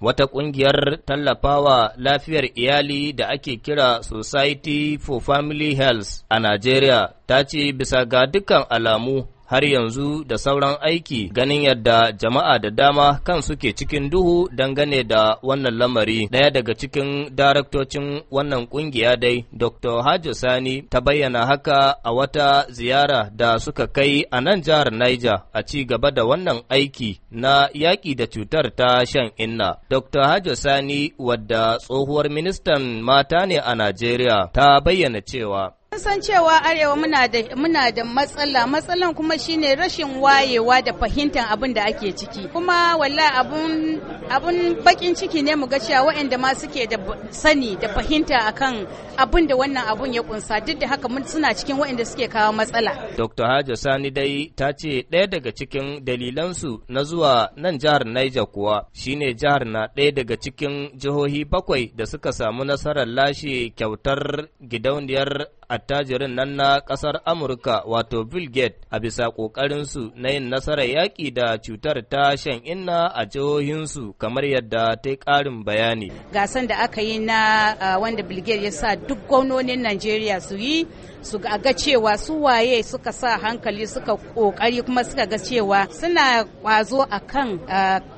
Wata ƙungiyar tallafawa lafiyar iyali da ake kira Society for Family Health a Najeriya ta ce bisa ga dukkan alamu har yanzu da sauran aiki ganin yadda jama'a da dama kan suke cikin duhu dangane da wannan lamari daya daga cikin daraktocin wannan kungiya dai dr hajo sani ta bayyana haka a wata ziyara da suka kai a nan jihar niger a ci gaba da wannan aiki na yaƙi da cutar ta shan inna dr hajo sani wadda tsohuwar ministan mata ne a najeriya ta bayyana cewa Mun san cewa Arewa muna da muna matsala, matsalan kuma shine rashin wayewa da fahimtar abin da ake ciki. Kuma walla abun baƙin bakin ciki ne mu ga cewa waɗanda ma suke da sani da fahimta akan abin da wannan abun ya kunsa duk da haka suna cikin waɗanda suke kawo matsala. Dr. Haja Sani dai ta ce ɗaya daga cikin dalilansu na zuwa nan jihar Niger kuwa shine jihar na ɗaya daga cikin jihohi bakwai da suka samu nasarar lashe kyautar gidauniyar attajirin nan na ƙasar Amurka wato Bill Gates a bisa ƙoƙarinsu na yin nasarar yaƙi da cutar ta shan inna a jihohinsu kamar yadda ta yi ƙarin bayani. Gasan da aka yi na wanda Bill Gates ya sa duk gwamnonin Najeriya su yi su ga cewa su waye suka sa hankali suka ƙoƙari kuma suka ga cewa suna kwazo akan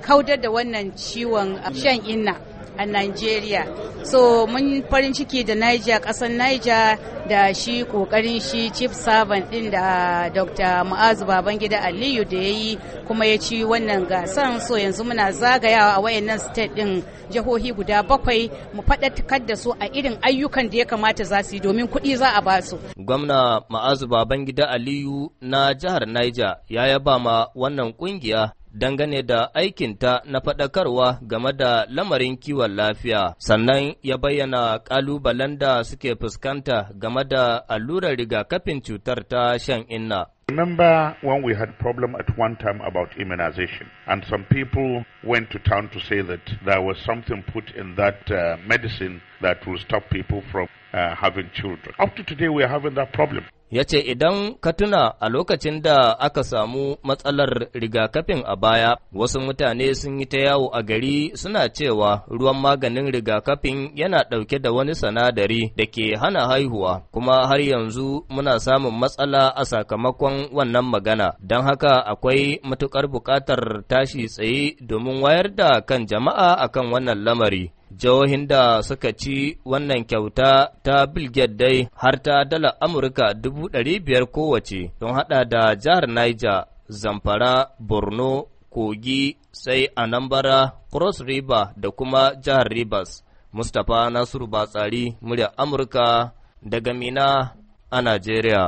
kaudar da wannan ciwon shan inna a Nigeria. So mun farin ciki da Niger kasan Niger da shi ƙoƙarin shi chief servant ɗin da Dr. Mu'azu Babangida Aliyu da ya yi kuma ya ci wannan gasar so yanzu muna zagayawa a wayannan state ɗin jihohi guda bakwai mu faɗaɗar da su a irin ayyukan da ya kamata za su yi domin kuɗi za a ba su. Gwamna Ma'azu Babangida Aliyu na jihar Niger ya yaba ma wannan ƙungiya dangane da aikinta na faɗakarwa game da lamarin kiwon lafiya, sannan ya bayyana ƙalubalen da suke fuskanta game da allurar rigakafin cutar ta shan inna. Remember when we had problem at one time about immunization, and some people went to town to say that there was something put in that uh, medicine that will stop people from uh, having children. Up to today, we are having that problem. ya ce idan ka tuna a lokacin da aka samu matsalar rigakafin a baya wasu mutane sun yi ta yawo a gari suna cewa ruwan maganin rigakafin yana ɗauke da wani sanadari da ke hana haihuwa kuma har yanzu muna samun matsala a sakamakon wannan magana don haka akwai matuƙar buƙatar tashi tsaye domin wayar da kan jama'a akan wannan lamari jihohin da suka ci wannan kyauta ta bilgiyar dai har ta dala Amurka dubu ɗari biyar kowace don haɗa da jihar Niger, Zamfara, Borno, Kogi, sai Anambra, Cross River da kuma jihar Rivers. Mustapha Nasiru Batsari, murya Amurka daga Mina a Najeriya.